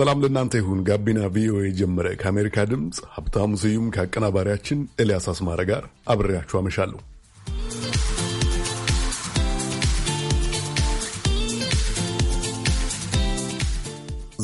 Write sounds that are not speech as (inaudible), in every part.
ሰላም ለእናንተ ይሁን። ጋቢና ቪኦኤ ጀመረ። ከአሜሪካ ድምፅ ሀብታሙ ስዩም ከአቀናባሪያችን ኤልያስ አስማረ ጋር አብሬያችሁ አመሻለሁ።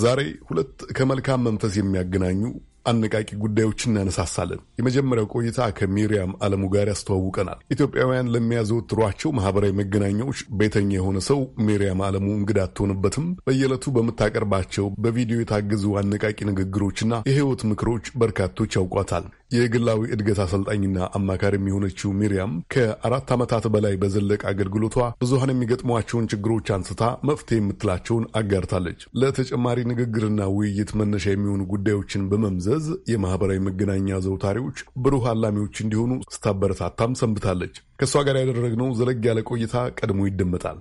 ዛሬ ሁለት ከመልካም መንፈስ የሚያገናኙ አነቃቂ ጉዳዮችን እናነሳሳለን። የመጀመሪያው ቆይታ ከሚሪያም አለሙ ጋር ያስተዋውቀናል። ኢትዮጵያውያን ለሚያዘወትሯቸው ማህበራዊ መገናኛዎች ቤተኛ የሆነ ሰው ሚሪያም አለሙ እንግዳ አትሆንበትም። በየዕለቱ በምታቀርባቸው በቪዲዮ የታገዙ አነቃቂ ንግግሮችና የህይወት ምክሮች በርካቶች ያውቋታል። የግላዊ እድገት አሰልጣኝና አማካሪም የሆነችው ሚሪያም ከአራት ዓመታት በላይ በዘለቅ አገልግሎቷ ብዙሀን የሚገጥሟቸውን ችግሮች አንስታ መፍትሄ የምትላቸውን አጋርታለች። ለተጨማሪ ንግግርና ውይይት መነሻ የሚሆኑ ጉዳዮችን በመምዘዝ የማህበራዊ መገናኛ ዘውታሪዎች ብሩህ አላሚዎች እንዲሆኑ ስታበረታታም ሰንብታለች። ከእሷ ጋር ያደረግነው ዘለግ ያለ ቆይታ ቀድሞ ይደመጣል።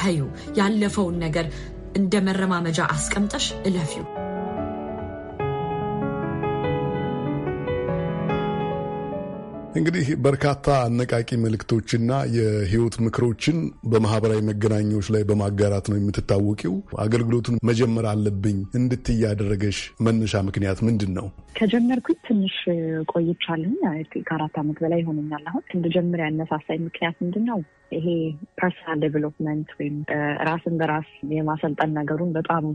ተዩ። ያለፈውን ነገር እንደ መረማመጃ አስቀምጠሽ እለፊው። እንግዲህ በርካታ አነቃቂ መልእክቶችና የህይወት ምክሮችን በማህበራዊ መገናኛዎች ላይ በማጋራት ነው የምትታወቂው። አገልግሎቱን መጀመር አለብኝ እንድት ያደረገሽ መነሻ ምክንያት ምንድን ነው? ከጀመርኩኝ ትንሽ ቆይቻለኝ። ከአራት ዓመት በላይ ይሆነኛል። አሁን እንደጀምር ያነሳሳኝ ምክንያት ምንድን ነው? ይሄ ፐርሰናል ዴቨሎፕመንት ወይም ራስን በራስ የማሰልጠን ነገሩን በጣም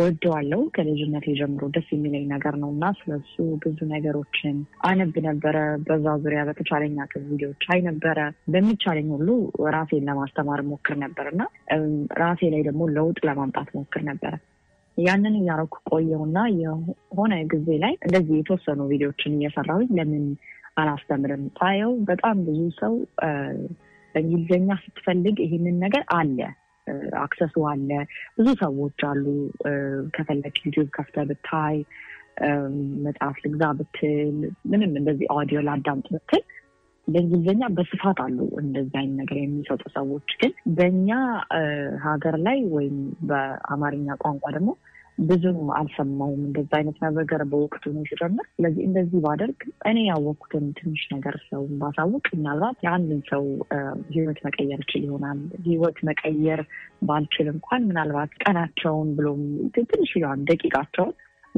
ወደዋለው ከልጅነት ጀምሮ ደስ የሚለኝ ነገር ነው እና ስለሱ ብዙ ነገሮችን አነብ ነበረ። በዛ ዙሪያ በተቻለኛ አቅም ቪዲዮች አይ ነበረ። በሚቻለኝ ሁሉ ራሴን ለማስተማር ሞክር ነበር እና ራሴ ላይ ደግሞ ለውጥ ለማምጣት ሞክር ነበረ። ያንን እያረኩ ቆየውና የሆነ ጊዜ ላይ እንደዚህ የተወሰኑ ቪዲዮችን እየሰራሁኝ ለምን አላስተምርም? ሳየው በጣም ብዙ ሰው በእንግሊዝኛ ስትፈልግ ይህንን ነገር አለ አክሰሱ አለ። ብዙ ሰዎች አሉ። ከፈለግ ዩቲዩብ ከፍተ ብታይ፣ መጽሐፍ ልግዛ ብትል፣ ምንም እንደዚህ ኦዲዮ ላዳምጥ ብትል በእንግሊዝኛ በስፋት አሉ እንደዚህ አይነት ነገር የሚሰጡ ሰዎች። ግን በእኛ ሀገር ላይ ወይም በአማርኛ ቋንቋ ደግሞ ብዙም አልሰማውም እንደዚ አይነት ነገር በወቅቱ ነው ሲጀምር። ስለዚህ እንደዚህ ባደርግ እኔ ያወቅኩትን ትንሽ ነገር ሰው ባሳውቅ ምናልባት የአንድን ሰው ህይወት መቀየር ችል ይሆናል። ህይወት መቀየር ባልችል እንኳን ምናልባት ቀናቸውን ብሎም ትንሽ ደቂቃቸውን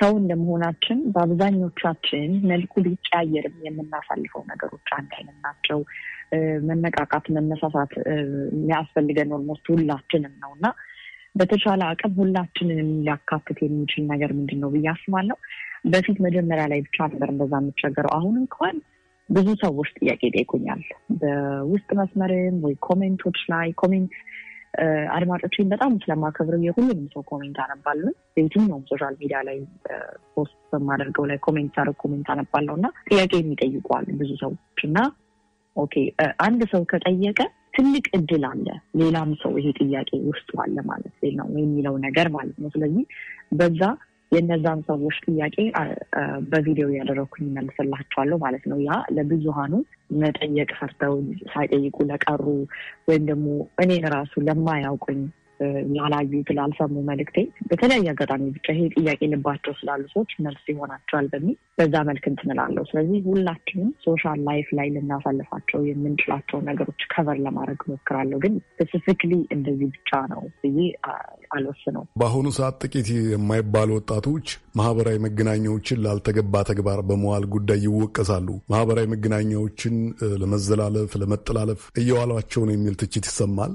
ሰው እንደመሆናችን በአብዛኞቻችን መልኩ ሊቀያየርም የምናሳልፈው ነገሮች አንድ አይነት ናቸው። መነቃቃት፣ መነሳሳት የሚያስፈልገን ኦልሞስት ሁላችንም ነው እና በተቻለ አቅም ሁላችንንም ሊያካትት የሚችል ነገር ምንድን ነው ብዬ አስባለሁ። በፊት መጀመሪያ ላይ ብቻ ነበር እንደዛ የምቸገረው። አሁን እንኳን ብዙ ሰዎች ጥያቄ ጠይቁኛል፣ በውስጥ መስመርም ወይ ኮሜንቶች ላይ ኮሜንት አድማጮችን በጣም ስለማከብረው የሁሉንም ሰው ኮሜንት አነባለሁ። በየትኛውም ሶሻል ሚዲያ ላይ ፖስት በማደርገው ላይ ኮሜንት ሳደርግ ኮሜንት አነባለሁ እና ጥያቄ የሚጠይቁ ብዙ ሰዎች እና ኦኬ አንድ ሰው ከጠየቀ ትልቅ እድል አለ ሌላም ሰው ይሄ ጥያቄ ውስጡ አለ ማለት ነው የሚለው ነገር ማለት ነው። ስለዚህ በዛ የእነዛን ሰዎች ጥያቄ በቪዲዮ ያደረኩኝ መልስላቸዋለሁ ማለት ነው። ያ ለብዙሃኑ መጠየቅ ፈርተው ሳይጠይቁ ለቀሩ ወይም ደግሞ እኔን ራሱ ለማያውቁኝ ላላዩት ላልሰሙ መልእክቴ በተለያየ አጋጣሚ ብቻ ይሄ ጥያቄ ልባቸው ስላሉ ሰዎች መልስ ይሆናቸዋል በሚል በዛ መልክ እንትን ስለዚህ ሁላችንም ሶሻል ላይፍ ላይ ልናሳልፋቸው የምንችላቸው ነገሮች ከቨር ለማድረግ ሞክራለሁ፣ ግን ስፔሲፊክሊ እንደዚህ ብቻ ነው ብዬ አልወስነው። በአሁኑ ሰዓት ጥቂት የማይባሉ ወጣቶች ማህበራዊ መገናኛዎችን ላልተገባ ተግባር በመዋል ጉዳይ ይወቀሳሉ። ማህበራዊ መገናኛዎችን ለመዘላለፍ፣ ለመጠላለፍ እየዋሏቸው ነው የሚል ትችት ይሰማል።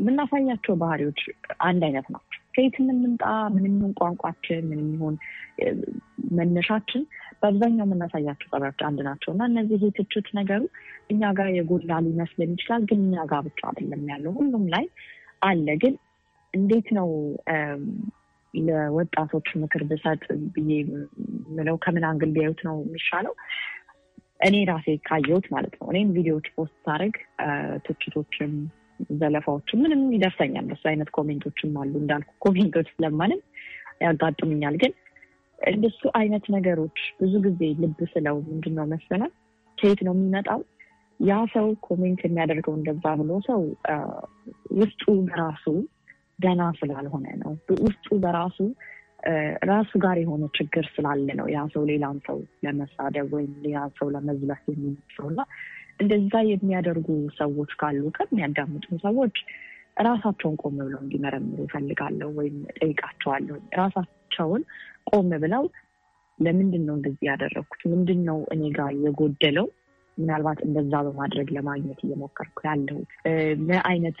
የምናሳያቸው ባህሪዎች አንድ አይነት ናቸው። ከየት የምንምጣ ምንም ይሁን ቋንቋችን፣ ምን ይሁን መነሻችን በአብዛኛው የምናሳያቸው ጠባዮች አንድ ናቸው እና እነዚህ የትችት ነገሩ እኛ ጋር የጎላ ሊመስልን ይችላል፣ ግን እኛ ጋር ብቻ አይደለም ያለው፣ ሁሉም ላይ አለ። ግን እንዴት ነው ለወጣቶች ምክር ብሰጥ ብዬ ምለው ከምን አንግል ቢያዩት ነው የሚሻለው? እኔ ራሴ ካየሁት ማለት ነው። እኔም ቪዲዮዎች ፖስት ሳደርግ ትችቶችም ዘለፋዎች ምንም ይደርሰኛል። በሱ አይነት ኮሜንቶችም አሉ እንዳልኩ ኮሜንቶች ስለማንም ያጋጥሙኛል። ግን እንደሱ አይነት ነገሮች ብዙ ጊዜ ልብ ስለው ምንድን ነው መሰለህ ከየት ነው የሚመጣው? ያ ሰው ኮሜንት የሚያደርገው እንደዛ ብሎ ሰው ውስጡ በራሱ ደህና ስላልሆነ ነው። ውስጡ በራሱ ራሱ ጋር የሆነ ችግር ስላለ ነው ያ ሰው ሌላን ሰው ለመሳደብ ወይም ሌላ ሰው ለመዝለፍ የሚመስለው እና እንደዛ የሚያደርጉ ሰዎች ካሉ ከሚያዳምጡ ሰዎች ራሳቸውን ቆም ብለው እንዲመረምሩ ይፈልጋለሁ ወይም ጠይቃቸዋለሁ። ራሳቸውን ቆም ብለው ለምንድን ነው እንደዚህ ያደረግኩት? ምንድን ነው እኔ ጋር የጎደለው? ምናልባት እንደዛ በማድረግ ለማግኘት እየሞከርኩ ያለሁት ምን አይነት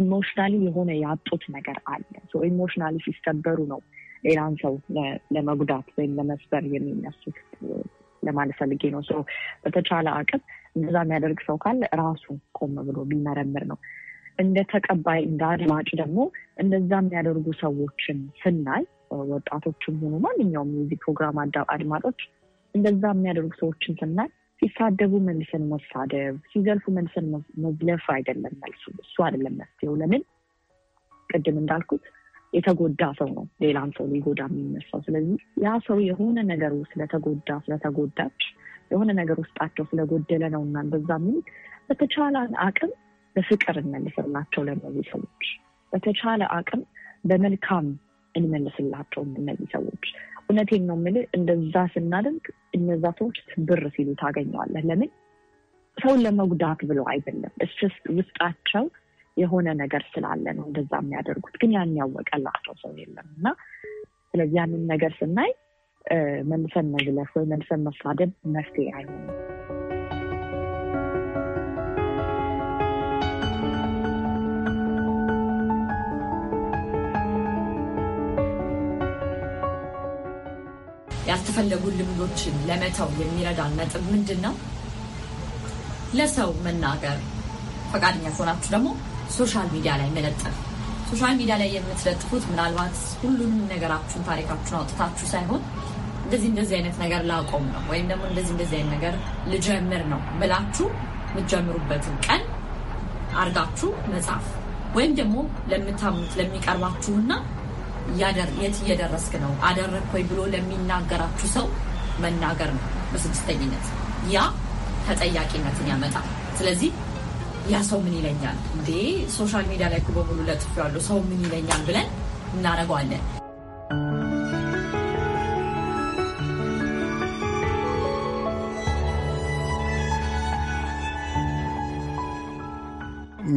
ኢሞሽናሊ የሆነ ያጡት ነገር አለ? ኢሞሽናሊ ሲሰበሩ ነው ሌላን ሰው ለመጉዳት ወይም ለመስበር የሚነሱት ለማለት ፈልጌ ነው። በተቻለ አቅም እንደዛ የሚያደርግ ሰው ካለ ራሱ ቆም ብሎ ቢመረምር ነው። እንደ ተቀባይ እንደ አድማጭ ደግሞ እንደዛ የሚያደርጉ ሰዎችን ስናይ ወጣቶችም ሆኑ ማንኛውም የዚህ ፕሮግራም አድማጮች እንደዛ የሚያደርጉ ሰዎችን ስናይ ሲሳደቡ መልስን መሳደብ፣ ሲዘልፉ መልስን መዝለፍ አይደለም መልሱ። እሱ አይደለም መፍትሄው። ለምን ቅድም እንዳልኩት የተጎዳ ሰው ነው ሌላም ሰው ሊጎዳ የሚነሳው። ስለዚህ ያ ሰው የሆነ ነገሩ ስለተጎዳ ስለተጎዳች የሆነ ነገር ውስጣቸው ስለጎደለ ነው እና በዛ ሚል በተቻለን አቅም በፍቅር እንመልስላቸው። ለእነዚህ ሰዎች በተቻለ አቅም በመልካም እንመልስላቸው። እነዚህ ሰዎች እውነቴን ነው የምልህ፣ እንደዛ ስናደርግ እነዛ ሰዎች ትብር ሲሉ ታገኘዋለህ። ለምን ሰውን ለመጉዳት ብሎ አይደለም፣ እስስ ውስጣቸው የሆነ ነገር ስላለ ነው እንደዛ የሚያደርጉት። ግን ያን ያወቀላቸው ሰው የለም እና ስለዚህ ያንን ነገር ስናይ መልሰን መዝለፍ ወይ መልሰን መሳደብ መፍትሄ አይሆንም። ያልተፈለጉ ልምዶችን ለመተው የሚረዳን ነጥብ ምንድን ነው? ለሰው መናገር ፈቃደኛ ከሆናችሁ ደግሞ ሶሻል ሚዲያ ላይ መለጠፍ። ሶሻል ሚዲያ ላይ የምትለጥፉት ምናልባት ሁሉንም ነገራችሁን ታሪካችሁን አውጥታችሁ ሳይሆን እንደዚህ እንደዚህ አይነት ነገር ላቆም ነው ወይም ደግሞ እንደዚህ እንደዚህ አይነት ነገር ልጀምር ነው ብላችሁ የምትጀምሩበትን ቀን አርጋችሁ መጽሐፍ ወይም ደግሞ ለምታምኑት ለሚቀርባችሁና የት እየደረስክ ነው አደረግ ወይ ብሎ ለሚናገራችሁ ሰው መናገር ነው። በስድስተኝነት ያ ተጠያቂነትን ያመጣል። ስለዚህ ያ ሰው ምን ይለኛል እንዴ ሶሻል ሚዲያ ላይ በሙሉ ለጥፍ ያሉ ሰው ምን ይለኛል ብለን እናደርገዋለን።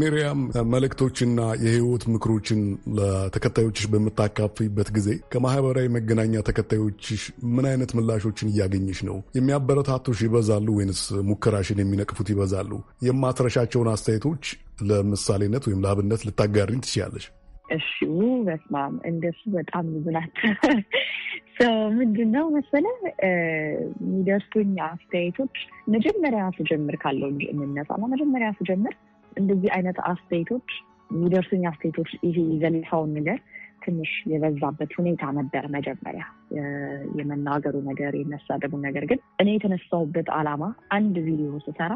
ሚሪያም መልእክቶችና የህይወት ምክሮችን ለተከታዮችሽ በምታካፍይበት ጊዜ ከማህበራዊ መገናኛ ተከታዮችሽ ምን አይነት ምላሾችን እያገኘሽ ነው? የሚያበረታቱሽ ይበዛሉ ወይንስ ሙከራሽን የሚነቅፉት ይበዛሉ? የማትረሻቸውን አስተያየቶች ለምሳሌነት ወይም ለአብነት ልታጋሪኝ ትችላለሽ? እሺ፣ በስማም እንደሱ በጣም ብዙ ናቸው። ምንድን ነው መሰለህ የሚደርሱኝ አስተያየቶች መጀመሪያ ስጀምር ካለው እንጂ እንነሳ ነው። መጀመሪያ ስጀምር እንደዚህ አይነት አስተያየቶች የሚደርሱኝ አስተያየቶች ይሄ ዘለፋውን ነገር ትንሽ የበዛበት ሁኔታ ነበር። መጀመሪያ የመናገሩ ነገር የመሳደቡ ነገር ግን እኔ የተነሳሁበት ዓላማ አንድ ቪዲዮ ስሰራ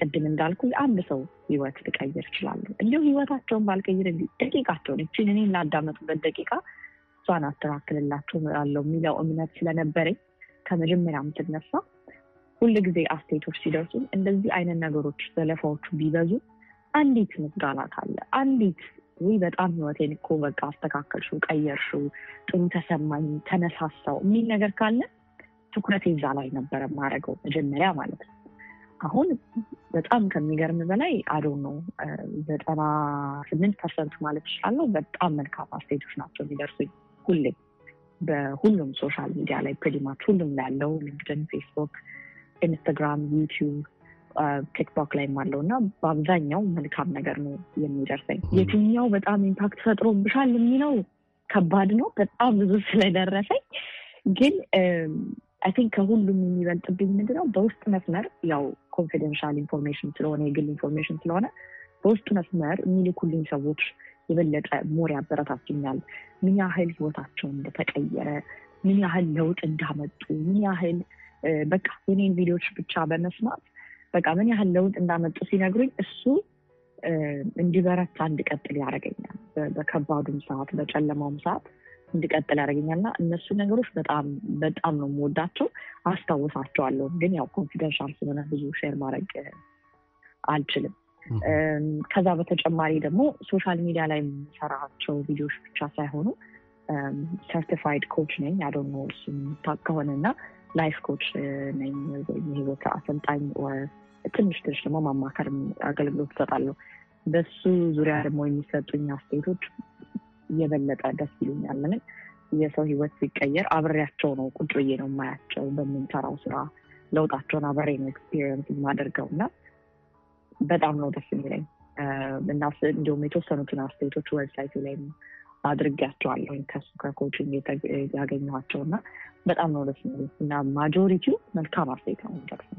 ቅድም እንዳልኩ የአንድ ሰው ህይወት ልቀይር እችላለሁ። እንዲሁም ህይወታቸውን ባልቀይር ደቂቃቸውን እችን እኔ ላዳመጡበት ደቂቃ እሷን አስተካክልላቸው እላለሁ የሚለው እምነት ስለነበረኝ ከመጀመሪያም ስነሳ ጊዜ አስተያየቶች ሲደርሱ እንደዚህ አይነት ነገሮች ዘለፋዎቹ ቢበዙ አንዲት ምስጋና ካለ አንዲት ወይ በጣም ህይወቴን እኮ በቃ አስተካከልሽው፣ ቀየርሽው፣ ጥሩ ተሰማኝ፣ ተነሳሳው የሚል ነገር ካለ ትኩረት እዛ ላይ ነበረ ማድረገው መጀመሪያ ማለት ነው። አሁን በጣም ከሚገርም በላይ አዶ ነው ዘጠና ስምንት ፐርሰንት ማለት ይችላለው በጣም መልካም አስቴቶች ናቸው የሚደርሱኝ ሁሌ በሁሉም ሶሻል ሚዲያ ላይ ፕሪማች ሁሉም ላይ ያለው ሊንክድን፣ ፌስቡክ፣ ኢንስታግራም፣ ዩቲዩብ ቲክቶክ ላይም አለው እና በአብዛኛው መልካም ነገር ነው የሚደርሰኝ። የትኛው በጣም ኢምፓክት ፈጥሮብሻል የሚለው ከባድ ነው። በጣም ብዙ ስለደረሰኝ ግን አይ ቲንክ ከሁሉም የሚበልጥብኝ ምንድነው በውስጥ መስመር ያው ኮንፊደንሻል ኢንፎርሜሽን ስለሆነ የግል ኢንፎርሜሽን ስለሆነ በውስጥ መስመር የሚልኩልኝ ሰዎች የበለጠ ሞር ያበረታቱኛል። ምን ያህል ህይወታቸው እንደተቀየረ፣ ምን ያህል ለውጥ እንዳመጡ፣ ምን ያህል በቃ የኔን ቪዲዮዎች ብቻ በመስማት በቃ ምን ያህል ለውጥ እንዳመጡ ሲነግሩኝ እሱ እንዲበረታ እንድቀጥል ያደርገኛል። በከባዱም ሰዓት በጨለማውም ሰዓት እንድቀጥል ያደርገኛል እና እነሱ ነገሮች በጣም በጣም ነው የምወዳቸው፣ አስታውሳቸዋለሁ። ግን ያው ኮንፊደንሻል ስለሆነ ብዙ ሼር ማድረግ አልችልም። ከዛ በተጨማሪ ደግሞ ሶሻል ሚዲያ ላይ የምሰራቸው ቪዲዮዎች ብቻ ሳይሆኑ ሰርቲፋይድ ኮች ነኝ። አይ ከሆነ እና ላይፍ ኮች ነኝ ወይም የህይወት አሰልጣኝ ትንሽ ትንሽ ደግሞ ማማከር አገልግሎት እሰጣለሁ። በሱ ዙሪያ ደግሞ የሚሰጡኝ አስተያየቶች የበለጠ ደስ ይሉኛል። ምን የሰው ህይወት ሲቀየር አብሬያቸው ነው ቁጭ ብዬ ነው የማያቸው። በምንሰራው ስራ ለውጣቸውን አብሬ ነው ኤክስፒሪየንስ የማደርገው እና በጣም ነው ደስ የሚለኝ እና እንዲሁም የተወሰኑትን አስተያየቶች ዌብሳይቱ ላይ አድርጊያቸዋለሁ ከሱ ከኮችን ያገኘኋቸው እና በጣም ነው ደስ የሚለኝ እና ማጆሪቲው መልካም አስተያየት ነው የሚደርሰው።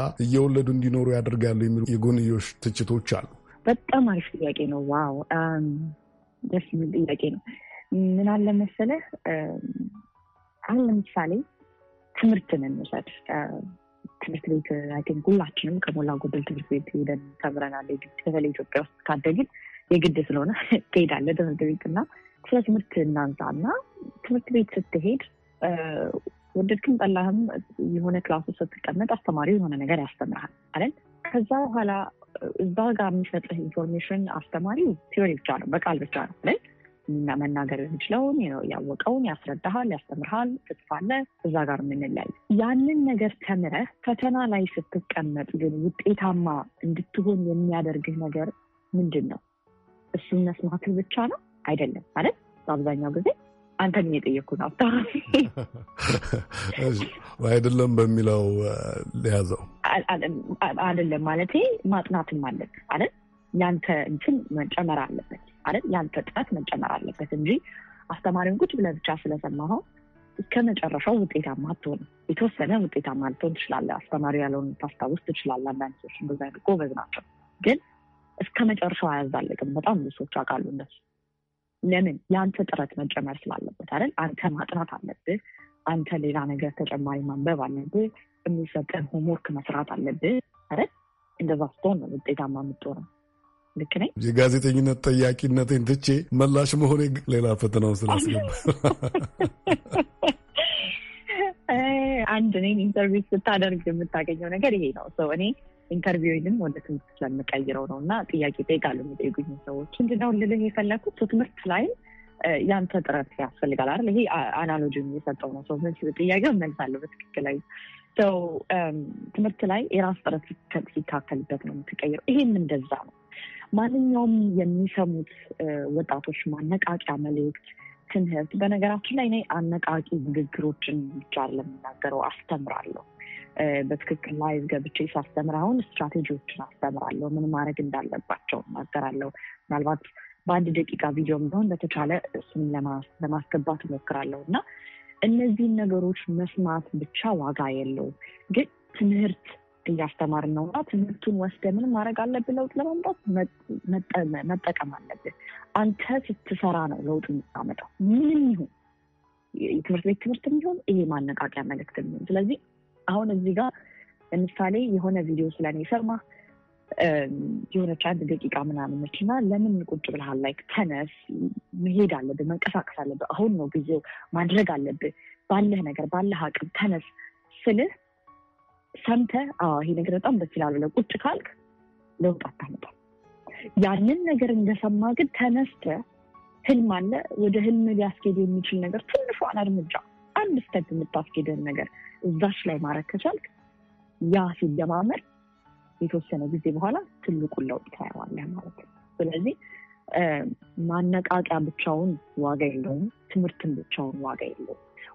እየወለዱ እንዲኖሩ ያደርጋሉ የሚሉ የጎንዮሽ ትችቶች አሉ። በጣም አሪፍ ጥያቄ ነው። ዋው ደስ የሚል ጥያቄ ነው። ምን አለ መሰለህ፣ አሁን ለምሳሌ ትምህርትን እንውሰድ። ትምህርት ቤት አይን ሁላችንም ከሞላ ጎደል ትምህርት ቤት ሄደን ተምረናል። በተለይ ኢትዮጵያ ውስጥ ካደግን የግድ ስለሆነ (laughs) ትሄዳለህ ትምህርት ቤት እና ስለ ትምህርት እናንሳ እና ትምህርት ቤት ስትሄድ ወደድክም ጠላህም የሆነ ክላስ ውስጥ ስትቀመጥ አስተማሪው የሆነ ነገር ያስተምርሃል አይደል? ከዛ በኋላ እዛ ጋር የሚሰጥህ ኢንፎርሜሽን አስተማሪው ቲዮሪ ብቻ ነው፣ በቃል ብቻ ነው አይደል? መናገር የሚችለውን ያወቀውን ያስረዳሃል፣ ያስተምርሃል፣ ትጽፋለህ። እዛ ጋር የምንለያዩ ያንን ነገር ተምረህ ፈተና ላይ ስትቀመጥ ግን ውጤታማ እንድትሆን የሚያደርግህ ነገር ምንድን ነው? እሱን መስማትህ ብቻ ነው አይደለም ማለት በአብዛኛው ጊዜ አንተን የጠየቅኩ ነው ሀብታ (laughs) አይደለም በሚለው ሊያዘው አይደለም ማለት ማጥናትም አለን አለን ያንተ እንትን መጨመር አለበት አለን ያንተ ጥረት መጨመር አለበት እንጂ አስተማሪውን ቁጭ ብለህ ብቻ ስለሰማኸው እስከ መጨረሻው ውጤታማ አትሆንም። የተወሰነ ውጤታማ ልትሆን ትችላለ አስተማሪ ያለውን ታስታውስ ትችላለ አንዳንድ ሰዎች እንደዛ ጎበዝ ናቸው፣ ግን እስከ መጨረሻው አያዛለቅም። በጣም ብሶች አቃሉ አውቃለሁ እንደሱ ለምን የአንተ ጥረት መጨመር ስላለበት አይደል? አንተ ማጥናት አለብህ። አንተ ሌላ ነገር ተጨማሪ ማንበብ አለብህ። የሚሰጠን ሆምወርክ መስራት አለብህ አይደል? እንደዛ ስትሆን ነው ውጤታማ የምትሆነው። ልክ ነኝ። የጋዜጠኝነት ጠያቂነቴን ትቼ መላሽ መሆኔ ሌላ ፈተናውን ስላስገባ አንድ እኔን ኢንተርቪው ስታደርግ የምታገኘው ነገር ይሄ ነው። ሰው እኔ ኢንተርቪውንም ወደ ትምህርት ስለምቀይረው ነው እና ጥያቄ ጠይቃሉ የሚጠይቁኝ ሰዎች። እንድነው ልልህ የፈለግኩት ትምህርት ላይም ያንተ ጥረት ያስፈልጋል አይደል? ይሄ አናሎጂ እየሰጠው ነው ሰው ጥያቄው መልሳለሁ በትክክል ሰው ትምህርት ላይ የራስ ጥረት ሲካከልበት ነው የምትቀይረው። ይሄም እንደዛ ነው። ማንኛውም የሚሰሙት ወጣቶች ማነቃቂያ መልእክት ትምህርት፣ በነገራችን ላይ እኔ አነቃቂ ንግግሮችን ብቻ ለምናገረው አስተምራለሁ በትክክል ላይ ገብቼ ሳስተምር አሁን ስትራቴጂዎችን አስተምራለሁ። ምን ማድረግ እንዳለባቸው እናገራለሁ። ምናልባት በአንድ ደቂቃ ቪዲዮም ቢሆን በተቻለ እሱን ለማስገባት እሞክራለሁ እና እነዚህን ነገሮች መስማት ብቻ ዋጋ የለውም፣ ግን ትምህርት እያስተማርን ነው እና ትምህርቱን ወስደ ምን ማድረግ አለብን ለውጥ ለማምጣት መጠቀም አለብን አንተ ስትሰራ ነው ለውጥ የምታመጣው። ምንም ይሁን የትምህርት ቤት ትምህርት የሚሆን ይሄ ማነቃቂያ መልእክት የሚሆን ስለዚህ አሁን እዚህ ጋር ለምሳሌ የሆነ ቪዲዮ ስለኔ ሸርማ የሆነች አንድ ደቂቃ ምናምን እና ለምን ቁጭ ብለሃል? ላይክ ተነስ፣ መሄድ አለብህ፣ መንቀሳቀስ አለብህ። አሁን ነው ጊዜው፣ ማድረግ አለብህ፣ ባለህ ነገር ባለህ አቅም ተነስ ስልህ ሰምተህ ይሄ ነገር በጣም ደስ ይላል ብለህ ቁጭ ካልክ ለውጥ አታመጣም። ያንን ነገር እንደሰማ ግን ተነስተ ህልም አለ፣ ወደ ህልም ሊያስኬድ የሚችል ነገር ትንሿን እርምጃ አንድ ስተት የምታስኬደን ነገር እዛች ላይ ማድረግ ከቻልክ ያ ሲደማመር የተወሰነ ጊዜ በኋላ ትልቁን ለውጥ ታየዋለህ ማለት ነው። ስለዚህ ማነቃቂያ ብቻውን ዋጋ የለውም፣ ትምህርትን ብቻውን ዋጋ የለውም።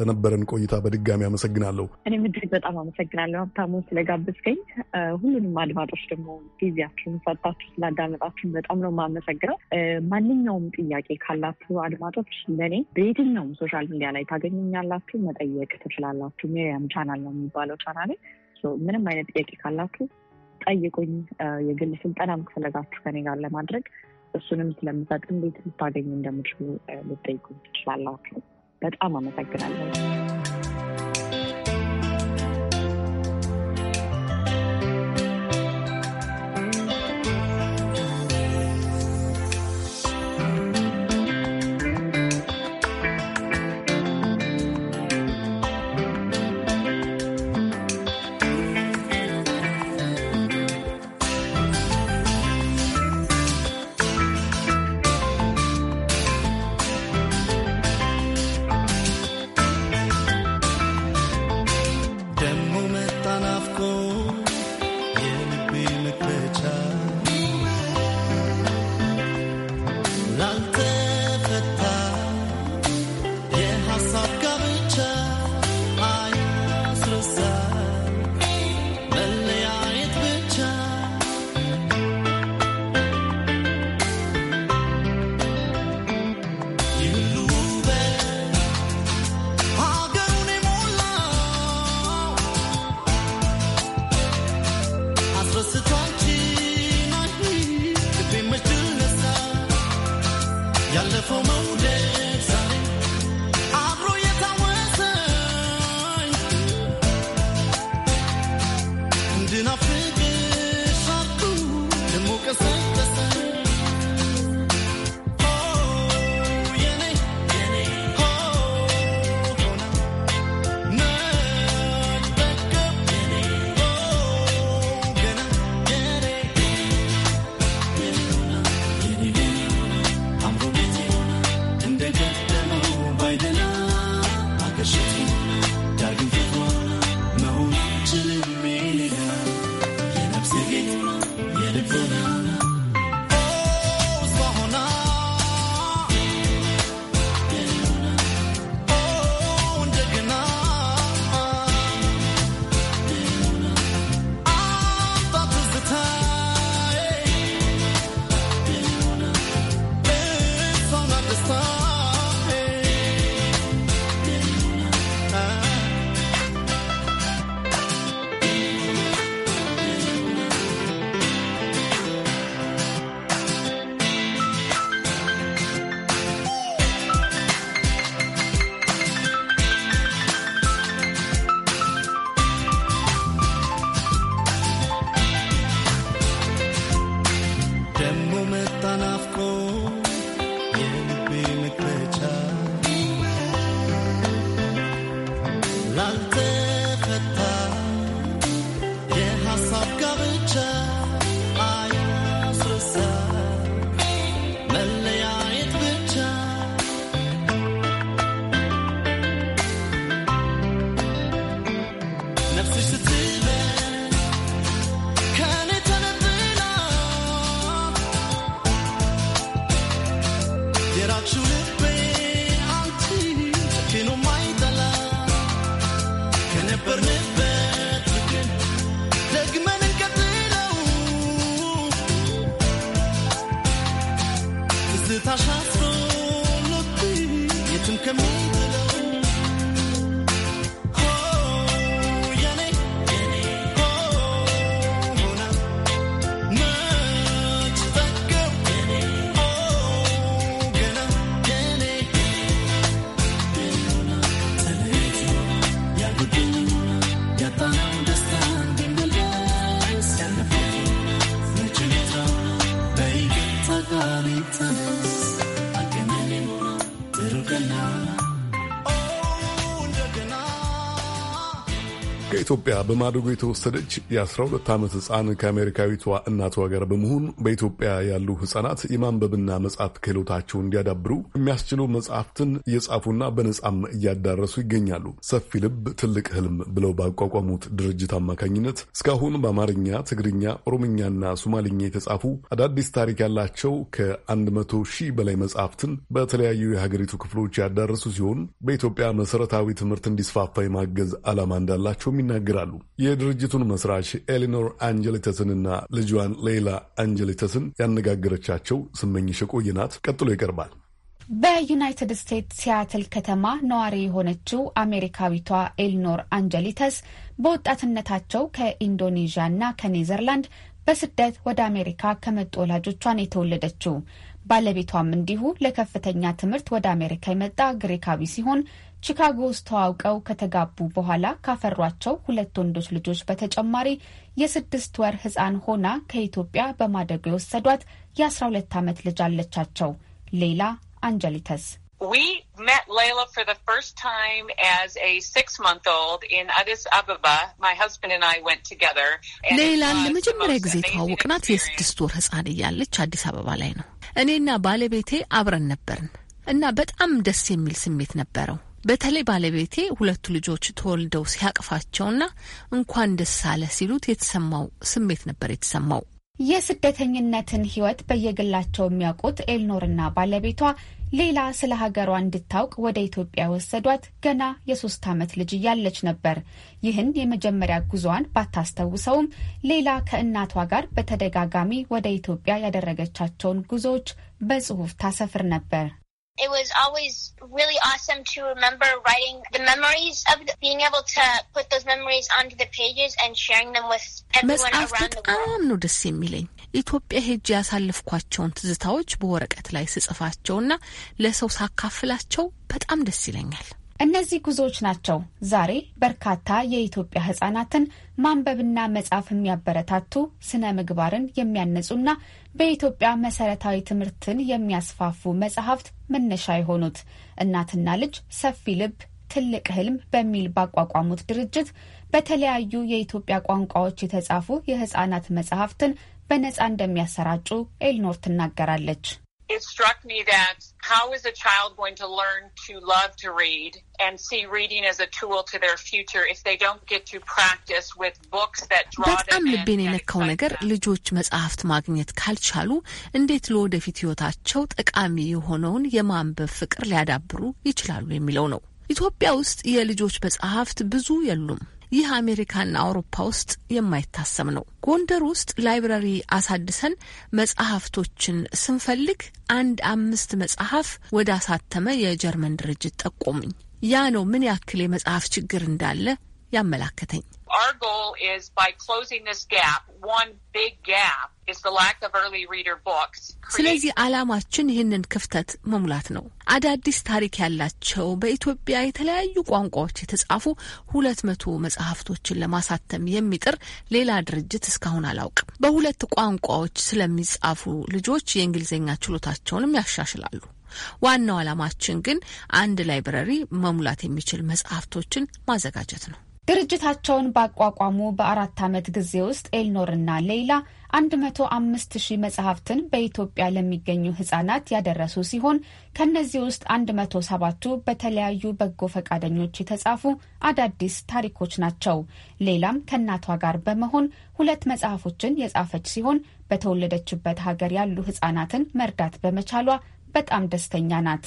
ለነበረን ቆይታ በድጋሚ አመሰግናለሁ። እኔም እጅግ በጣም አመሰግናለሁ ሀብታሙ ስለጋበዝከኝ። ሁሉንም አድማጮች ደግሞ ጊዜያችሁን ሰጣችሁ ስላዳመጣችሁን በጣም ነው የማመሰግነው። ማንኛውም ጥያቄ ካላችሁ አድማጮች ለእኔ በየትኛውም ሶሻል ሚዲያ ላይ ታገኙኛላችሁ፣ መጠየቅ ትችላላችሁ። ሚሪያም ቻናል ነው የሚባለው ቻናል ምንም አይነት ጥያቄ ካላችሁ ጠይቁኝ። የግል ስልጠናም ከፈለጋችሁ ከኔ ጋር ለማድረግ እሱንም ስለምሰጥ እንዴት ልታገኙ እንደምችሉ ልጠይቁኝ ትችላላችሁ። በጣም አመሰግናለሁ። look me. ከኢትዮጵያ በማደጎ የተወሰደች የ12 ዓመት ሕፃን ከአሜሪካዊቷ እናቷ ጋር በመሆን በኢትዮጵያ ያሉ ሕፃናት የማንበብና መጻፍ ክህሎታቸው እንዲያዳብሩ የሚያስችሉ መጽሐፍትን እየጻፉና በነጻም እያዳረሱ ይገኛሉ። ሰፊ ልብ ትልቅ ህልም ብለው ባቋቋሙት ድርጅት አማካኝነት እስካሁን በአማርኛ፣ ትግርኛ፣ ኦሮምኛና ሶማልኛ የተጻፉ አዳዲስ ታሪክ ያላቸው ከ መቶ ሺህ በላይ መጽሐፍትን በተለያዩ የሀገሪቱ ክፍሎች ያዳረሱ ሲሆን በኢትዮጵያ መሰረታዊ ትምህርት እንዲስፋፋ የማገዝ ዓላማ እንዳላቸው የሚናገ ይናገራሉ። የድርጅቱን መስራች ኤሊኖር አንጀሊተስንና ልጇን ሌይላ አንጀሊተስን ያነጋገረቻቸው ስመኝሽ ቆየ ናት። ቀጥሎ ይቀርባል። በዩናይትድ ስቴትስ ሲያትል ከተማ ነዋሪ የሆነችው አሜሪካዊቷ ኤሊኖር አንጀሊተስ በወጣትነታቸው ከኢንዶኔዥያና ከኔዘርላንድ በስደት ወደ አሜሪካ ከመጡ ወላጆቿን የተወለደችው ባለቤቷም እንዲሁ ለከፍተኛ ትምህርት ወደ አሜሪካ የመጣ ግሪካዊ ሲሆን ቺካጎ ውስጥ ተዋውቀው ከተጋቡ በኋላ ካፈሯቸው ሁለት ወንዶች ልጆች በተጨማሪ የስድስት ወር ሕፃን ሆና ከኢትዮጵያ በማደጉ የወሰዷት የአስራ ሁለት ዓመት ልጅ አለቻቸው። ሌላ አንጀሊተስ ሌላን ለመጀመሪያ ጊዜ የተዋወቅናት የስድስት ወር ህፃን እያለች አዲስ አበባ ላይ ነው። እኔና ባለቤቴ አብረን ነበርን እና በጣም ደስ የሚል ስሜት ነበረው። በተለይ ባለቤቴ ሁለቱ ልጆች ተወልደው ሲያቅፋቸውና እንኳን ደስ አለ ሲሉት የተሰማው ስሜት ነበር የተሰማው። የስደተኝነትን ህይወት በየግላቸው የሚያውቁት ኤልኖርና ባለቤቷ ሌላ ስለ ሀገሯ እንድታውቅ ወደ ኢትዮጵያ ወሰዷት። ገና የሶስት ዓመት ልጅ እያለች ነበር። ይህን የመጀመሪያ ጉዞዋን ባታስታውሰውም ሌላ ከእናቷ ጋር በተደጋጋሚ ወደ ኢትዮጵያ ያደረገቻቸውን ጉዞዎች በጽሁፍ ታሰፍር ነበር። It was always really awesome to remember writing the memories of the, being able to put those memories onto the pages and sharing them with everyone around the world. በጣም ነው ደስ የሚለኝ ኢትዮጵያ ሄጅ ያሳለፍኳቸውን ትዝታዎች በወረቀት ላይ ስጽፋቸውና ለሰው ሳካፍላቸው በጣም ደስ ይለኛል። እነዚህ ጉዞዎች ናቸው ዛሬ በርካታ የኢትዮጵያ ህጻናትን ማንበብና መጻፍ የሚያበረታቱ ስነ ምግባርን የሚያነጹና በኢትዮጵያ መሰረታዊ ትምህርትን የሚያስፋፉ መጽሐፍት መነሻ የሆኑት እናትና ልጅ ሰፊ ልብ ትልቅ ህልም በሚል ባቋቋሙት ድርጅት በተለያዩ የኢትዮጵያ ቋንቋዎች የተጻፉ የህጻናት መጽሐፍትን በነጻ እንደሚያሰራጩ ኤልኖር ትናገራለች። it struck me that how is a child going to learn to love to read and see reading as a tool to their future if they don't get to practice with books that draw በጣም ልቤን የነካው ነገር ልጆች መጽሐፍት ማግኘት ካልቻሉ እንዴት ለወደፊት ሕይወታቸው ጠቃሚ የሆነውን የማንበብ ፍቅር ሊያዳብሩ ይችላሉ የሚለው ነው። ኢትዮጵያ ውስጥ የልጆች መጽሐፍት ብዙ የሉም። ይህ አሜሪካና አውሮፓ ውስጥ የማይታሰብ ነው። ጎንደር ውስጥ ላይብረሪ አሳድሰን መጽሐፍቶችን ስንፈልግ አንድ አምስት መጽሐፍ ወደ አሳተመ የጀርመን ድርጅት ጠቆሙኝ። ያ ነው ምን ያክል የመጽሐፍ ችግር እንዳለ ያመላከተኝ። our goal is by closing this gap, one big gap is the lack of early reader books. ስለዚህ ዓላማችን ይህንን ክፍተት መሙላት ነው። አዳዲስ ታሪክ ያላቸው በኢትዮጵያ የተለያዩ ቋንቋዎች የተጻፉ ሁለት መቶ መጽሐፍቶችን ለማሳተም የሚጥር ሌላ ድርጅት እስካሁን አላውቅም። በሁለት ቋንቋዎች ስለሚጻፉ ልጆች የእንግሊዝኛ ችሎታቸውንም ያሻሽላሉ። ዋናው ዓላማችን ግን አንድ ላይብረሪ መሙላት የሚችል መጽሐፍቶችን ማዘጋጀት ነው። ድርጅታቸውን ባቋቋሙ በአራት ዓመት ጊዜ ውስጥ ኤልኖርና ሌይላ 105 መጽሐፍትን በኢትዮጵያ ለሚገኙ ህጻናት ያደረሱ ሲሆን ከእነዚህ ውስጥ 107ቱ በተለያዩ በጎ ፈቃደኞች የተጻፉ አዳዲስ ታሪኮች ናቸው። ሌላም ከእናቷ ጋር በመሆን ሁለት መጽሐፎችን የጻፈች ሲሆን በተወለደችበት ሀገር ያሉ ህጻናትን መርዳት በመቻሏ በጣም ደስተኛ ናት።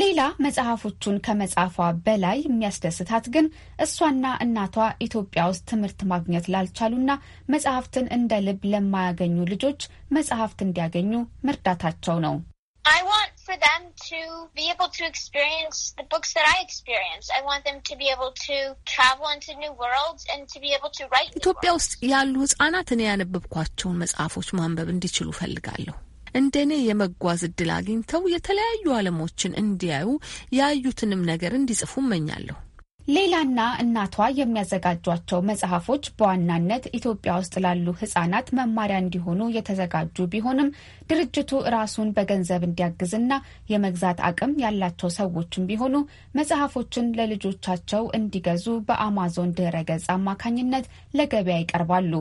ሌላ መጽሐፎቹን ከመጻፏ በላይ የሚያስደስታት ግን እሷና እናቷ ኢትዮጵያ ውስጥ ትምህርት ማግኘት ላልቻሉና መጽሐፍትን እንደ ልብ ለማያገኙ ልጆች መጽሐፍት እንዲያገኙ መርዳታቸው ነው። ኢትዮጵያ ውስጥ ያሉ ሕጻናት እኔ ያነበብኳቸውን መጽሐፎች ማንበብ እንዲችሉ ፈልጋለሁ። እንደኔ የመጓዝ እድል አግኝተው የተለያዩ ዓለሞችን እንዲያዩ ያዩትንም ነገር እንዲጽፉ እመኛለሁ። ሌላና እናቷ የሚያዘጋጇቸው መጽሐፎች በዋናነት ኢትዮጵያ ውስጥ ላሉ ህጻናት መማሪያ እንዲሆኑ የተዘጋጁ ቢሆንም ድርጅቱ ራሱን በገንዘብ እንዲያግዝና የመግዛት አቅም ያላቸው ሰዎችም ቢሆኑ መጽሐፎችን ለልጆቻቸው እንዲገዙ በአማዞን ድህረ ገጽ አማካኝነት ለገበያ ይቀርባሉ።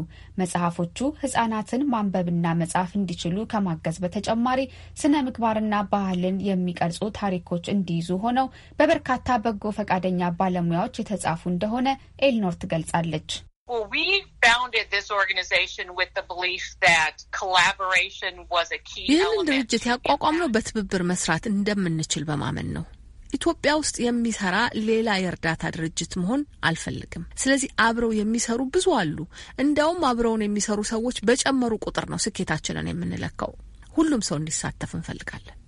መጽሐፎቹ ህጻናትን ማንበብና መጻፍ እንዲችሉ ከማገዝ በተጨማሪ ስነ ምግባርና ባህልን የሚቀርጹ ታሪኮች እንዲይዙ ሆነው በበርካታ በጎ ፈቃደኛ ባለሙ ባለሙያዎች የተጻፉ እንደሆነ ኤልኖር ትገልጻለች። ይህንን ድርጅት ያቋቋምነው በትብብር መስራት እንደምንችል በማመን ነው። ኢትዮጵያ ውስጥ የሚሰራ ሌላ የእርዳታ ድርጅት መሆን አልፈልግም። ስለዚህ አብረው የሚሰሩ ብዙ አሉ። እንዲያውም አብረውን የሚሰሩ ሰዎች በጨመሩ ቁጥር ነው ስኬታችንን የምንለካው። ሁሉም ሰው እንዲሳተፍ እንፈልጋለን።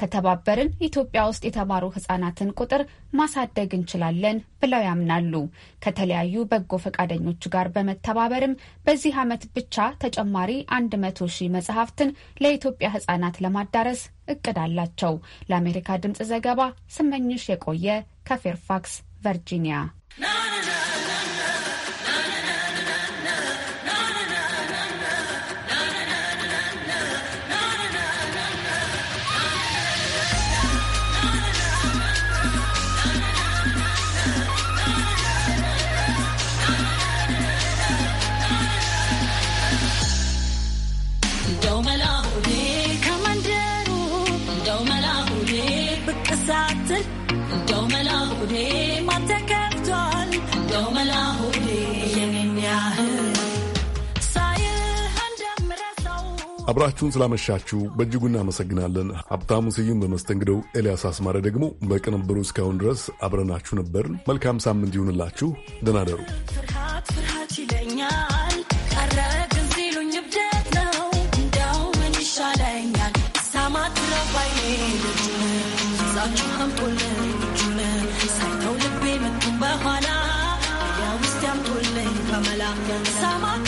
ከተባበርን ኢትዮጵያ ውስጥ የተማሩ ህጻናትን ቁጥር ማሳደግ እንችላለን ብለው ያምናሉ። ከተለያዩ በጎ ፈቃደኞች ጋር በመተባበርም በዚህ ዓመት ብቻ ተጨማሪ 100 ሺህ መጽሐፍትን ለኢትዮጵያ ህጻናት ለማዳረስ እቅድ አላቸው። ለአሜሪካ ድምፅ ዘገባ ስመኝሽ የቆየ ከፌርፋክስ ቨርጂኒያ። አብራችሁን ስላመሻችሁ በእጅጉ እናመሰግናለን። ሀብታሙ ስዩም በመስተንግደው፣ ኤልያስ አስማረ ደግሞ በቅንብሩ እስካሁን ድረስ አብረናችሁ ነበርን። መልካም ሳምንት ይሁንላችሁ። ደህና ደሩ። ፍርሃት ፍርሃት ይለኛል Sama